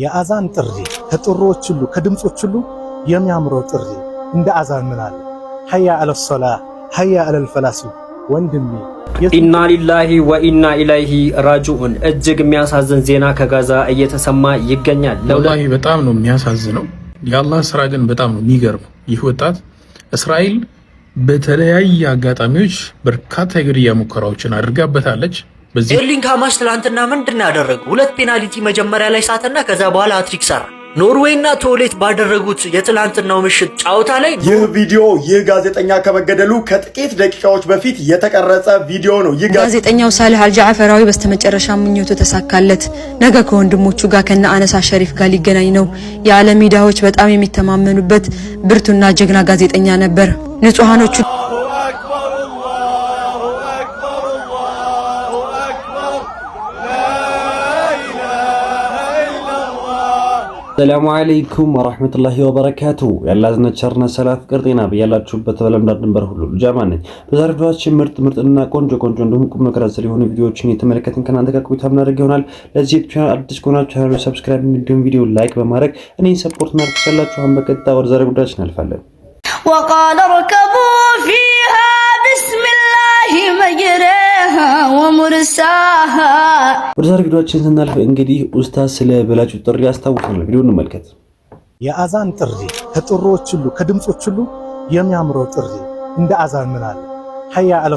የአዛን ጥሪ ከጥሮዎች ሁሉ ከድምጾች ሁሉ የሚያምረው ጥሪ እንደ አዛን ምን አለ? ሀያ አለ ሶላ ሀያ አለ ፈላሱ። ወንድሜ ኢና ሊላሂ ወኢና ኢላይሂ ራጅኡን። እጅግ የሚያሳዝን ዜና ከጋዛ እየተሰማ ይገኛል። ወላሂ በጣም ነው የሚያሳዝነው። የአላህ ስራ ግን በጣም ነው የሚገርመው። ይህ ወጣት እስራኤል በተለያየ አጋጣሚዎች በርካታ የግድያ ሙከራዎችን አድርጋበታለች። ኤርሊንግ ሃላንድ ትላንትና ምንድን ነው ያደረገው? ሁለት ፔናልቲ መጀመሪያ ላይ ሳተና ከዛ በኋላ አትሪክ ሰራ። ኖርዌይና ቶሌት ባደረጉት የትላንትናው ምሽት ጨዋታ ላይ ይህ ቪዲዮ ይህ ጋዜጠኛ ከመገደሉ ከጥቂት ደቂቃዎች በፊት የተቀረጸ ቪዲዮ ነው። ይህ ጋዜጠኛው ሳልህ አልጃዕፈራዊ በስተመጨረሻ ምኞቱ ተሳካለት። ነገ ከወንድሞቹ ጋር ከነ አነሳ ሸሪፍ ጋር ሊገናኝ ነው። የዓለም ሚዲያዎች በጣም የሚተማመኑበት ብርቱና ጀግና ጋዜጠኛ ነበር። ንጹሐኖቹ አሰላሙ አለይኩም ወራህመቱላሂ ወበረካቱ። ያላዝነት ቸርነት፣ ሰላም፣ ፍቅር፣ ጤና በያላችሁበት በዓለም ዳር ድንበር ሁሉ ጃማ ነኝ። በዛሬው ቪዲዮአችን ምርጥ ምርጥና ቆንጆ ቆንጆ እንዲሁም ቁም ነገር አዘል የሆኑ ቪዲዮዎችን የተመለከትን ከናንተ ጋር ቆይታ የምናደርግ ይሆናል። ለዚህ ዩቲዩብ ቻናል አዲስ ከሆናችሁ ቻናሉን ሰብስክራይብ፣ እንዲሁም ቪዲዮ ላይክ በማድረግ እኔን ሰፖርት ማድረግ ትችላላችሁ። አሁን በቀጥታ ወደ ዛሬ ጉዳያችን እናልፋለን። وقال اركبوا فيها بسم الله ወደ ዛሬ ቪዲዮችን ስናልፍ እንግዲህ ኡስታዝ ስለ በላጩ ጥሪ አስታውሰናል። ቪዲዮ እንመልከት። የአዛን ጥሪ ከጥሮች ሁሉ ከድምፆች ሁሉ የሚያምረው ጥሪ እንደ አዛን ምን አለ? ሀያ አለ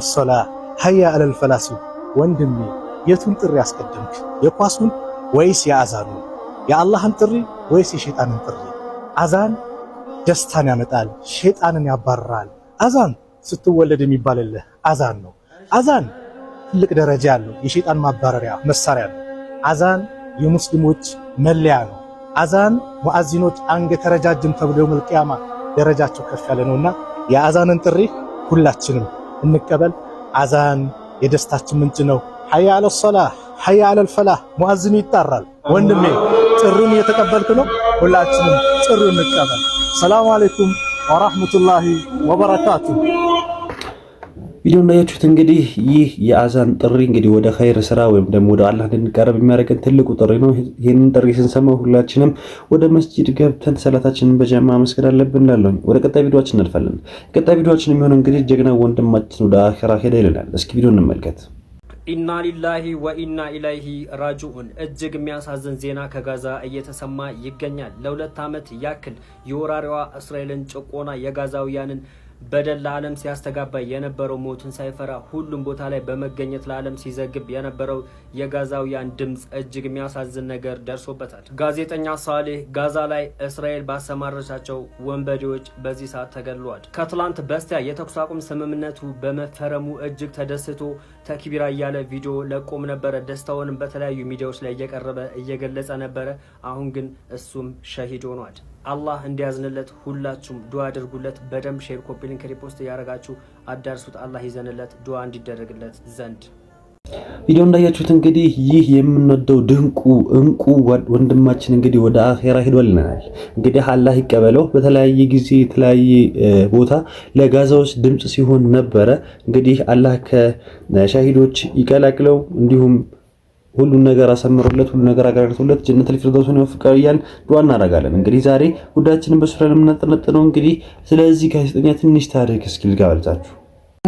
ሀያ አለ ወንድሜ የቱን ጥሪ አስቀደምክ? የኳሱን ወይስ የአዛኑን? የአላህን ጥሪ ወይስ የሸይጣንን ጥሪ? አዛን ደስታን ያመጣል፣ ሸይጣንን ያባርራል። አዛን ስትወለድ የሚባልልህ አዛን ነው። አዛን ትልቅ ደረጃ ያለው የሸይጣን ማባረሪያ መሳሪያ ነው። አዛን የሙስሊሞች መለያ ነው። አዛን ሙአዚኖች አንገተ ረጃጅም ተብሎ የውመል ቂያማ ደረጃቸው ከፍ ያለ ነውና የአዛንን ጥሪ ሁላችንም እንቀበል። አዛን የደስታችን ምንጭ ነው። ሀያ አለ ሰላህ፣ ሀያ አለል ፈላህ ሙአዚኑ ይጣራል። ወንድሜ ጥሪውን እየተቀበልክ ነው። ሁላችንም ጥሪውን እንቀበል። ሰላሙ አለይኩም ወራህመቱላሂ ወበረካቱ። ቪዲዮ እንዳያችሁት እንግዲህ ይህ የአዛን ጥሪ እንግዲህ ወደ ኸይር ስራ ወይም ደግሞ ወደ አላህ እንድንቀረብ የሚያደርገን ትልቁ ጥሪ ነው። ይህንን ጥሪ ስንሰማው ሁላችንም ወደ መስጂድ ገብተን ሰላታችንን በጀማ መስገድ አለብን እንላለን። ወደ ቀጣይ ቪዲዮችን እንልፋለን። ቀጣይ ቪዲዮችን የሚሆነው እንግዲህ ጀግና ወንድማችን ወደ አኺራ ሄደ ይለናል። እስኪ ቪዲዮ እንመልከት። ኢና ሊላሂ ወኢና ኢላይሂ ራጅኡን። እጅግ የሚያሳዝን ዜና ከጋዛ እየተሰማ ይገኛል። ለሁለት ዓመት ያክል የወራሪዋ እስራኤልን ጭቆና የጋዛውያንን በደል ለዓለም ሲያስተጋባ የነበረው ሞትን ሳይፈራ ሁሉም ቦታ ላይ በመገኘት ለዓለም ሲዘግብ የነበረው የጋዛውያን ድምፅ እጅግ የሚያሳዝን ነገር ደርሶበታል። ጋዜጠኛ ሳሌህ ጋዛ ላይ እስራኤል ባሰማረቻቸው ወንበዴዎች በዚህ ሰዓት ተገድሏል። ከትላንት በስቲያ የተኩስ አቁም ስምምነቱ በመፈረሙ እጅግ ተደስቶ ተክቢራ እያለ ቪዲዮ ለቆም ነበረ። ደስታውንም በተለያዩ ሚዲያዎች ላይ እየቀረበ እየገለጸ ነበረ። አሁን ግን እሱም ሸሂድ ሆኗል። አላህ እንዲያዝንለት ሁላችሁም ዱዓ አድርጉለት። በደንብ ሼር፣ ኮፒ ሊንክ፣ ሪፖስት እያደረጋችሁ አዳርሱት። አላህ ይዘንለት፣ ዱዓ እንዲደረግለት ዘንድ ቪዲዮ እንዳያችሁት እንግዲህ ይህ የምንወደው ድንቁ እንቁ ወንድማችን እንግዲህ ወደ አኼራ ሄዷልናል። እንግዲህ አላህ ይቀበለው። በተለያየ ጊዜ የተለያየ ቦታ ለጋዛዎች ድምፅ ሲሆን ነበረ። እንግዲህ አላህ ከሻሂዶች ይቀላቅለው እንዲሁም ሁሉን ነገር አሰምሮለት ሁሉ ነገር አገራግቶለት ጀነቱል ፊርደውስን ይወፍቀው እያልን ዱዓ እናደርጋለን። እንግዲህ ዛሬ ጉዳያችንን በሱ ላይ የምናጠነጥነው እንግዲህ ስለዚህ ጋዜጠኛ ትንሽ ታሪክ እስኪ ልጋብዛችሁ።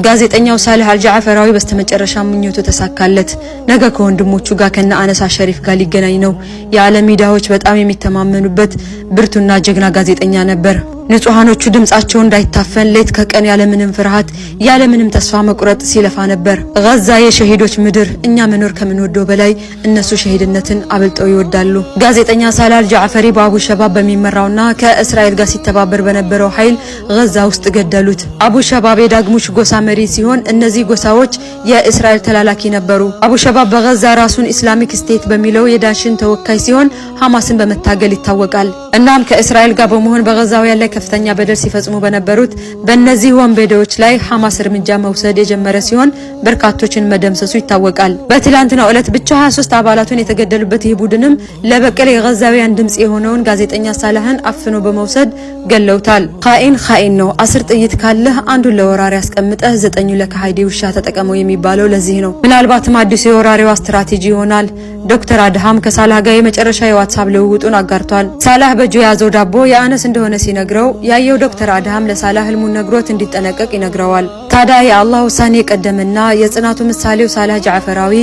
ጋዜጠኛው ሳልህ አልጃዕፈራዊ በስተመጨረሻ ምኞቱ ተሳካለት። ነገ ከወንድሞቹ ጋር ከነ አነሳ ሸሪፍ ጋር ሊገናኝ ነው። የዓለም ሚዲያዎች በጣም የሚተማመኑበት ብርቱና ጀግና ጋዜጠኛ ነበር። ንጹሃኖቹ ድምጻቸው እንዳይታፈን ሌት ከቀን ያለምንም ፍርሃት ያለምንም ተስፋ መቁረጥ ሲለፋ ነበር። ጋዛ የሸሂዶች ምድር። እኛ መኖር ከምንወደው በላይ እነሱ ሸሂድነትን አብልጠው ይወዳሉ። ጋዜጠኛ ሳላል ጃዕፈሪ በአቡ ሸባብ በሚመራውና ከእስራኤል ጋር ሲተባበር በነበረው ኃይል ጋዛ ውስጥ ገደሉት። አቡ ሸባብ የዳግሙሽ ጎሳ መሪ ሲሆን እነዚህ ጎሳዎች የእስራኤል ተላላኪ ነበሩ። አቡ ሸባብ በጋዛ ራሱን ኢስላሚክ ስቴት በሚለው የዳሽን ተወካይ ሲሆን ሐማስን በመታገል ይታወቃል። እናም ከእስራኤል ጋር በመሆን በጋዛው ያለ ከፍተኛ በደል ሲፈጽሙ በነበሩት በእነዚህ ወንበዴዎች ላይ ሐማስ እርምጃ መውሰድ የጀመረ ሲሆን በርካቶችን መደምሰሱ ይታወቃል። በትላንትናው ዕለት ብቻ 23 አባላቱን የተገደሉበት ይህ ቡድንም ለበቀል የጋዛውያን ድምጽ የሆነውን ጋዜጠኛ ሳላህን አፍኖ በመውሰድ ገለውታል። ኻኢን ኻኢን ነው። አስር ጥይት ካለህ አንዱን ለወራሪ አስቀምጠህ ዘጠኙ ለከሃዲ ውሻ ተጠቀመው የሚባለው ለዚህ ነው። ምናልባትም አዲሱ የወራሪዋ ስትራቴጂ ይሆናል። ዶክተር አድሃም ከሳላህ ጋር የመጨረሻ የዋትሳፕ ልውውጡን አጋርቷል። ሳላህ በእጁ የያዘው ዳቦ የአነስ እንደሆነ ሲነግረው ነው ያየው ዶክተር አድሃም ለሳላህ ህልሙን ነግሮት እንዲጠነቀቅ ይነግረዋል። ታዲያ የአላህ ውሳኔ የቀደመና የጽናቱ ምሳሌው ሳላህ ጃዕፈራዊ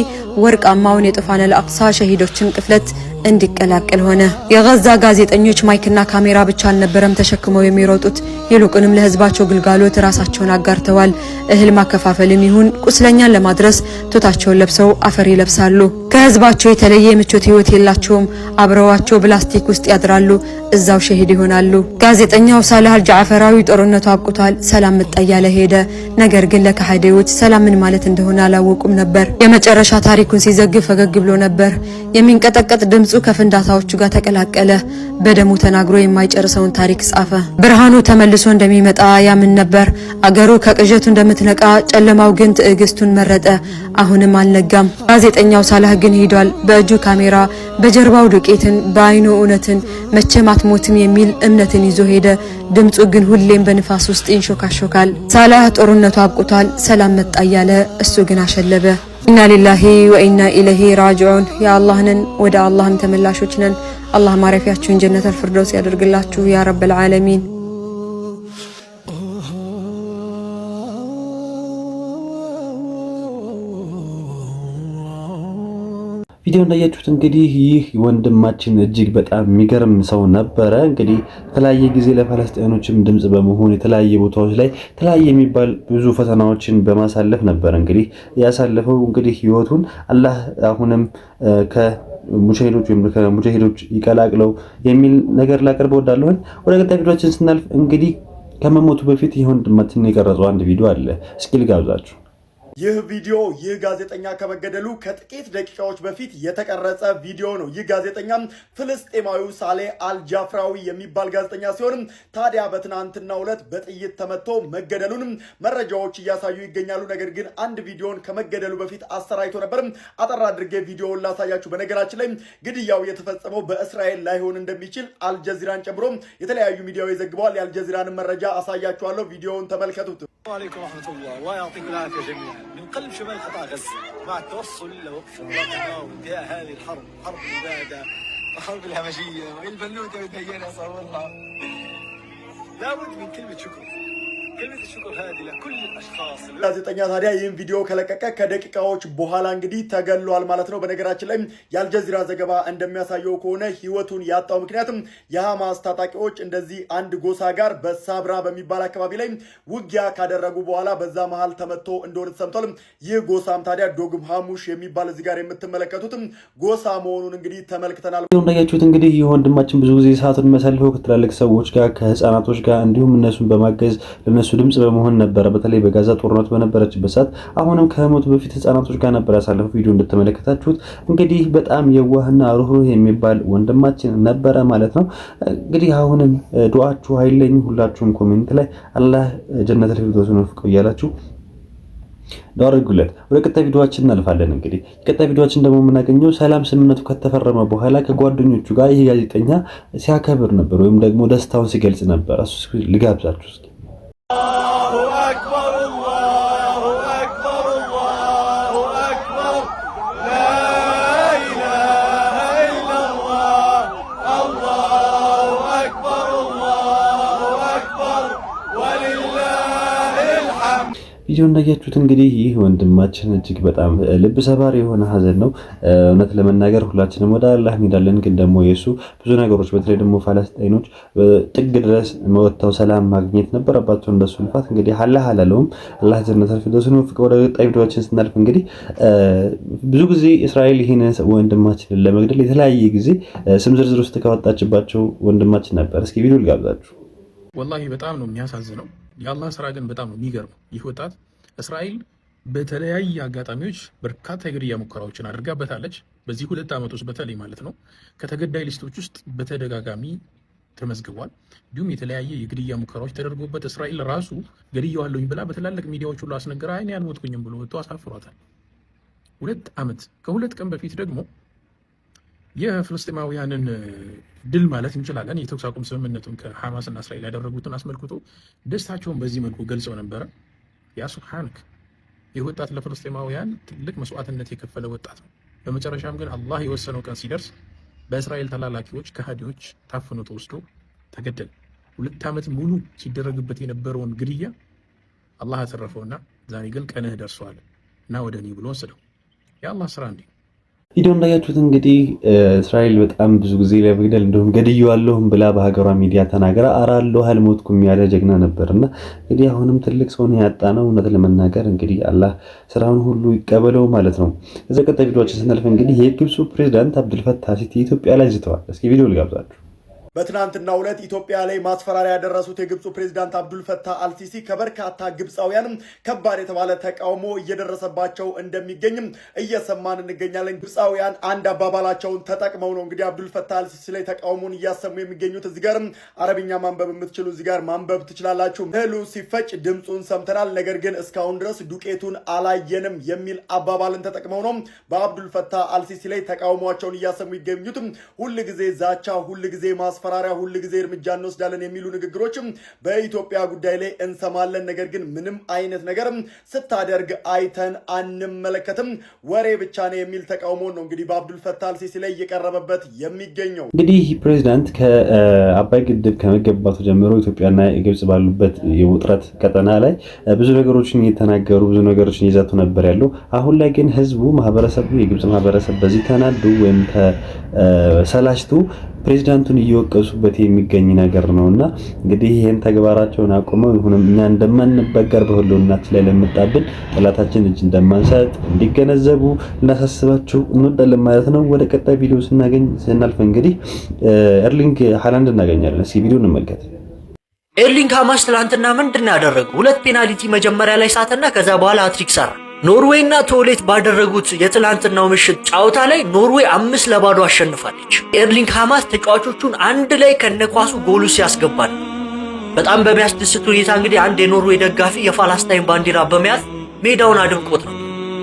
ወርቃማውን የጡፋን አልአቅሳ ሸሂዶችን ቅፍለት እንዲቀላቀል ሆነ። የጋዛ ጋዜጠኞች ማይክና ካሜራ ብቻ አልነበረም ተሸክመው የሚሮጡት፣ ይልቁንም ለህዝባቸው ግልጋሎት ራሳቸውን አጋርተዋል። እህል ማከፋፈልም ይሁን ቁስለኛን ለማድረስ ቱታቸውን ለብሰው አፈር ይለብሳሉ። ከህዝባቸው የተለየ የምቾት ህይወት የላቸውም። አብረዋቸው ፕላስቲክ ውስጥ ያድራሉ፣ እዛው ሸሂድ ይሆናሉ። ጋዜጠኛው ሳላህ አልጃዕፈራዊ ጦርነቱ አብቅቷል፣ ሰላም መጣ እያለ ሄደ። ነገር ግን ለካህዴዎች ሰላም ምን ማለት እንደሆነ አላወቁም ነበር። የመጨረሻ ታሪኩን ሲዘግብ ፈገግ ብሎ ነበር። የሚንቀጠቀጥ ድም ድምፁ ከፍንዳታዎቹ ጋር ተቀላቀለ። በደሙ ተናግሮ የማይጨርሰውን ታሪክ ጻፈ። ብርሃኑ ተመልሶ እንደሚመጣ ያምን ነበር። አገሩ ከቅዠቱ እንደምትነቃ፣ ጨለማው ግን ትዕግስቱን መረጠ። አሁንም አልነጋም። ጋዜጠኛው ሳላህ ግን ሄዷል። በእጁ ካሜራ፣ በጀርባው ዱቄትን፣ በአይኑ እውነትን፣ መቼም አትሞትም የሚል እምነትን ይዞ ሄደ። ድምፁ ግን ሁሌም በንፋስ ውስጥ ይንሾካሾካል። ሳላህ ጦርነቱ አብቁቷል፣ ሰላም መጣ እያለ እሱ ግን አሸለበ። ኢና ሊላሂ ወኢና ኢለሂ ራጂዑን። የአላህ ወደ አላህም ተመላሾች ነን። አላህ ማረፊያችሁን ጀነተል ፊርደውስ ያደርግላችሁ ያ ረበል ዓለሚን። ቪዲዮ እንዳያችሁት እንግዲህ ይህ ወንድማችን እጅግ በጣም የሚገርም ሰው ነበረ። እንግዲህ የተለያየ ጊዜ ለፈለስጤኖችም ድምፅ በመሆን የተለያየ ቦታዎች ላይ የተለያየ የሚባል ብዙ ፈተናዎችን በማሳለፍ ነበረ እንግዲህ ያሳለፈው እንግዲህ ህይወቱን አላህ አሁንም ከሙጃሂዶች ወይም ከሙጃሂዶች ይቀላቅለው የሚል ነገር ላቀርብ እወዳለሁኝ። ወደ ቀጣይ ቪዲዮችን ስናልፍ እንግዲህ ከመሞቱ በፊት ይህ ወንድማችን የቀረጸው አንድ ቪዲዮ አለ፣ እስኪ ልጋብዛችሁ። ይህ ቪዲዮ ይህ ጋዜጠኛ ከመገደሉ ከጥቂት ደቂቃዎች በፊት የተቀረጸ ቪዲዮ ነው። ይህ ጋዜጠኛ ፍልስጤማዊ ሳሌ አልጃፍራዊ የሚባል ጋዜጠኛ ሲሆን ታዲያ በትናንትና ዕለት በጥይት ተመቶ መገደሉን መረጃዎች እያሳዩ ይገኛሉ። ነገር ግን አንድ ቪዲዮን ከመገደሉ በፊት አሰራጭቶ ነበርም አጠር አድርጌ ቪዲዮውን ላሳያችሁ። በነገራችን ላይ ግድያው የተፈጸመው በእስራኤል ላይሆን እንደሚችል አልጀዚራን ጨምሮ የተለያዩ ሚዲያዎች ዘግበዋል። የአልጀዚራንም መረጃ አሳያችኋለሁ። ቪዲዮውን ተመልከቱት። السلام عليكم ورحمة الله، الله يعطيكم العافية جميعا، من قلب شمال قطاع غزة، مع التوصل إلى وقف وانتهاء هذه الحرب، حرب الإبادة وحرب الهمجية، والبنوتة متهينة صور الله. لابد من كلمة شكر ጋዜጠኛ ታዲያ ይህን ቪዲዮ ከለቀቀ ከደቂቃዎች በኋላ እንግዲህ ተገሏል ማለት ነው። በነገራችን ላይ የአልጀዚራ ዘገባ እንደሚያሳየው ከሆነ ህይወቱን ያጣው ምክንያትም የሐማስ ታጣቂዎች እንደዚህ አንድ ጎሳ ጋር በሳብራ በሚባል አካባቢ ላይ ውጊያ ካደረጉ በኋላ በዛ መሀል ተመቶ እንደሆነ ተሰምቷል። ይህ ጎሳም ታዲያ ዶግም ሀሙሽ የሚባል እዚህ ጋር የምትመለከቱትም ጎሳ መሆኑን እንግዲህ ተመልክተናል። እንዳያችሁት እንግዲህ ይህ ወንድማችን ብዙ ጊዜ ሰዓቱን መሰልፈው ከትላልቅ ሰዎች ጋር ከህፃናቶች ጋር እንዲሁም እነሱን በማገዝ ለነ የእነሱ ድምጽ በመሆን ነበረ። በተለይ በጋዛ ጦርነት በነበረችበት ሰዓት አሁንም ከሞት በፊት ህጻናቶች ጋር ነበር ያሳለፈው። ቪዲዮ እንደተመለከታችሁት እንግዲህ በጣም የዋህና ሩህሩህ የሚባል ወንድማችን ነበረ ማለት ነው። እንግዲህ አሁንም ዱዓችሁ አይለኝ። ሁላችሁም ኮሜንት ላይ አላህ ጀነተል ፊርደውስን ወፍቀው እያላችሁ አድርጉለት። ወደ ቀጣይ ቪዲዮአችን እናልፋለን። እንግዲህ ቀጣይ ቪዲዮአችን ደግሞ የምናገኘው ሰላም ስምምነቱ ከተፈረመ በኋላ ከጓደኞቹ ጋር ይህ ጋዜጠኛ ሲያከብር ነበር፣ ወይም ደግሞ ደስታውን ሲገልጽ ነበር። እሱ ልጋብዛችሁ እስኪ 아~ ቪዲዮ እንዳያችሁት እንግዲህ ይህ ወንድማችን እጅግ በጣም ልብ ሰባሪ የሆነ ሀዘን ነው። እውነት ለመናገር ሁላችንም ወደ አላህ እንሄዳለን፣ ግን ደግሞ የእሱ ብዙ ነገሮች በተለይ ደግሞ ፋለስጤኖች ጥግ ድረስ መወጥተው ሰላም ማግኘት ነበረባቸው። እንደሱ ልፋት እንግዲህ አላህ አላለውም። አላህ ጀነት አልፊርደውስን ወፍቀ። ወደ ቀጣይ ቪዲዮችን ስናልፍ እንግዲህ ብዙ ጊዜ እስራኤል ይህን ወንድማችንን ለመግደል የተለያየ ጊዜ ስም ዝርዝር ውስጥ ካወጣችባቸው ወንድማችን ነበር። እስኪ ቪዲዮ ልጋብዛችሁ። ወላሂ በጣም ነው የሚያሳዝነው የአላህ ስራ ግን በጣም ነው የሚገርመው። ይህ ወጣት እስራኤል በተለያየ አጋጣሚዎች በርካታ የግድያ ሙከራዎችን አድርጋበታለች። በዚህ ሁለት ዓመት ውስጥ በተለይ ማለት ነው ከተገዳይ ሊስቶች ውስጥ በተደጋጋሚ ተመዝግቧል። እንዲሁም የተለያየ የግድያ ሙከራዎች ተደርጎበት እስራኤል ራሱ ገድያዋለሁኝ ብላ በትላልቅ ሚዲያዎች ሁሉ አስነገራ። አይኔ አልሞትኩኝም ብሎ ወጥቶ አሳፍሯታል። ሁለት ዓመት ከሁለት ቀን በፊት ደግሞ የፍልስጤማውያንን ድል ማለት እንችላለን የተኩስ አቁም ስምምነቱን ከሐማስና እስራኤል ያደረጉትን አስመልክቶ ደስታቸውን በዚህ መልኩ ገልጸው ነበረ። ያ ሱብሓንክ ይህ ወጣት ለፍልስጤማውያን ትልቅ መስዋዕትነት የከፈለ ወጣት ነው። በመጨረሻም ግን አላህ የወሰነው ቀን ሲደርስ በእስራኤል ተላላኪዎች ከሃዲዎች ታፍኖ ተወስዶ ተገደለ። ሁለት ዓመት ሙሉ ሲደረግበት የነበረውን ግድያ አላህ አተረፈውና ዛሬ ግን ቀንህ ደርሷል እና ወደ እኔ ብሎ ወሰደው። የአላህ ስራ እንዴ! ቪዲዮ እንዳያችሁት እንግዲህ እስራኤል በጣም ብዙ ጊዜ ለመግደል እንደውም ገድየዋለሁም ብላ በሀገሯ ሚዲያ ተናገራ አራለሁ አልሞትኩም ያለ ጀግና እና እንግዲህ አሁንም ትልቅ ሰውን ያጣ ነው። እውነት ለመናገር እንግዲህ አላህ ስራውን ሁሉ ይቀበለው ማለት ነው። እዚ ቀጣይ ቪዲዮችን ስናልፍ እንግዲህ የግብፁ ፕሬዚዳንት አብዱልፈታህ ሲቲ ኢትዮጵያ ላይ ዝተዋል። እስኪ ቪዲዮ ልጋብዛችሁ። በትናንትናው ዕለት ኢትዮጵያ ላይ ማስፈራሪያ ያደረሱት የግብፁ ፕሬዚዳንት አብዱልፈታህ አልሲሲ ከበርካታ ግብፃውያን ከባድ የተባለ ተቃውሞ እየደረሰባቸው እንደሚገኝም እየሰማን እንገኛለን። ግብፃውያን አንድ አባባላቸውን ተጠቅመው ነው እንግዲህ አብዱልፈታህ አልሲሲ ላይ ተቃውሞን እያሰሙ የሚገኙት። እዚህ ጋር አረብኛ ማንበብ የምትችሉ እዚህ ጋር ማንበብ ትችላላችሁ። እህሉ ሲፈጭ ድምፁን ሰምተናል፣ ነገር ግን እስካሁን ድረስ ዱቄቱን አላየንም የሚል አባባልን ተጠቅመው ነው በአብዱልፈታህ አልሲሲ ላይ ተቃውሟቸውን እያሰሙ ይገኙትም። ጊዜ ዛቻ፣ ጊዜ ማስ ማስፈራሪያ ሁል ጊዜ እርምጃ እንወስዳለን የሚሉ ንግግሮችም በኢትዮጵያ ጉዳይ ላይ እንሰማለን። ነገር ግን ምንም አይነት ነገር ስታደርግ አይተን አንመለከትም። ወሬ ብቻ ነው የሚል ተቃውሞ ነው እንግዲህ በአብዱል ፈታል አልሲሲ ላይ እየቀረበበት የሚገኘው። እንግዲህ ፕሬዚዳንት ከአባይ ግድብ ከመገባቱ ጀምሮ ኢትዮጵያና ግብጽ ባሉበት የውጥረት ቀጠና ላይ ብዙ ነገሮችን እየተናገሩ ብዙ ነገሮችን ይዘቱ ነበር ያለው። አሁን ላይ ግን ህዝቡ ማህበረሰቡ፣ የግብጽ ማህበረሰብ በዚህ ተናዱ ወይም ተሰላችቱ ፕሬዚዳንቱን እየወቀሱበት የሚገኝ ነገር ነውና እንግዲህ ይህን ተግባራቸውን አቁመው ይሁንም እኛ እንደማንበገር በሁሉናችን ላይ ለምጣብን ጠላታችን እጅ እንደማንሰጥ እንዲገነዘቡ እናሳስባችሁ እንወዳለን ማለት ነው። ወደ ቀጣይ ቪዲዮ ስናገኝ ስናልፍ እንግዲህ ኤርሊንግ ሀላንድ እናገኛለን። እስኪ ቪዲዮ እንመልከት። ኤርሊንግ ሃማስ ትላንትና ምንድን ያደረገው ሁለት ፔናልቲ መጀመሪያ ላይ ሳተና ከዛ በኋላ አትሪክ ሰራ። ኖርዌይ እና ቶሌት ባደረጉት የትላንትናው ምሽት ጨዋታ ላይ ኖርዌይ አምስት ለባዶ አሸንፋለች። ኤርሊንግ ሃማስ ተጫዋቾቹን አንድ ላይ ከነኳሱ ጎሉ ሲያስገባል። በጣም በሚያስደስት ሁኔታ እንግዲህ አንድ የኖርዌይ ደጋፊ የፋላስታይን ባንዲራ በመያዝ ሜዳውን አድምቆት ነው።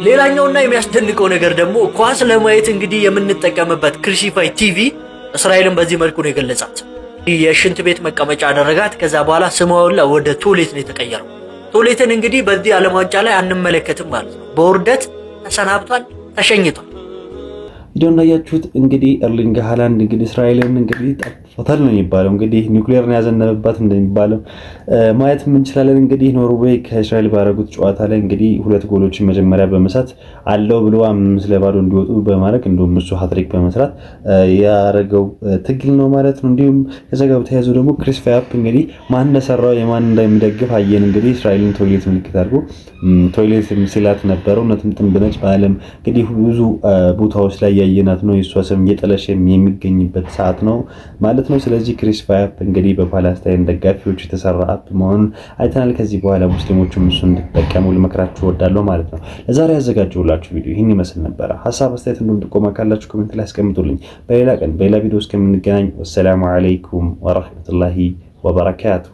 ሌላኛውና የሚያስደንቀው ነገር ደግሞ ኳስ ለማየት እንግዲህ የምንጠቀምበት ክሪሲፋይ ቲቪ እስራኤልን በዚህ መልኩ ነው የገለጻት። የሽንት ቤት መቀመጫ አደረጋት። ከዛ በኋላ ስሟ ወደ ቶሌት ነው የተቀየረው። ቶሌትን እንግዲህ በዚህ ዓለም ዋንጫ ላይ አንመለከትም ማለት ነው። በውርደት ተሰናብቷል፣ ተሸኝቷል። ቪዲዮ እንዳያችሁት እንግዲህ እርሊንግ ሃላንድ እንግዲህ እስራኤልን እንግዲህ ሆተል ነው የሚባለው እንግዲህ ኒውክሌር ነው ያዘነበባት እንደሚባለው ማየት እንችላለን። እንግዲህ ኖርዌይ ከእስራኤል ባደረጉት ጨዋታ ላይ እንግዲህ ሁለት ጎሎችን መጀመሪያ በመሳት አለው ብሎ አምስት ለባዶ እንዲወጡ በማድረግ እንዲሁም እሱ ሀትሪክ በመስራት ያደረገው ትግል ነው ማለት ነው። እንዲሁም ከዛ ጋር ተያይዞ ደግሞ ክሪስ ፋያፕ እንግዲህ ማን እንደሰራው የማን እንደሚደግፍ አየን። እንግዲህ እስራኤልን ቶይሌት ምልክት አድርጎ ቶይሌት ሲላት ነበረው። እውነትም ጥንብ ነች። በዓለም እንግዲህ ብዙ ቦታዎች ላይ ያየናት ነው። የእሷ ስም እየጠለሽ የሚገኝበት ሰዓት ነው ማለት ማለት ነው። ስለዚህ ክሪስፓ አፕ እንግዲህ በፓላስታይን ደጋፊዎች የተሰራ አፕ መሆኑን አይተናል። ከዚህ በኋላ ሙስሊሞችም እሱ እንድጠቀሙ ልመክራችሁ እወዳለሁ ማለት ነው። ለዛሬ ያዘጋጀሁላችሁ ቪዲዮ ይህን ይመስል ነበረ። ሀሳብ አስተያየት፣ እንዲሁም ጥቆማ ካላችሁ ኮሜንት ላይ አስቀምጡልኝ። በሌላ ቀን በሌላ ቪዲዮ እስከምንገናኝ ወሰላሙ አለይኩም ወረህመቱላሂ ወበረካቱ።